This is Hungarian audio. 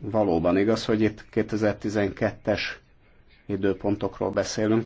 valóban igaz, hogy itt 2012-es időpontokról beszélünk,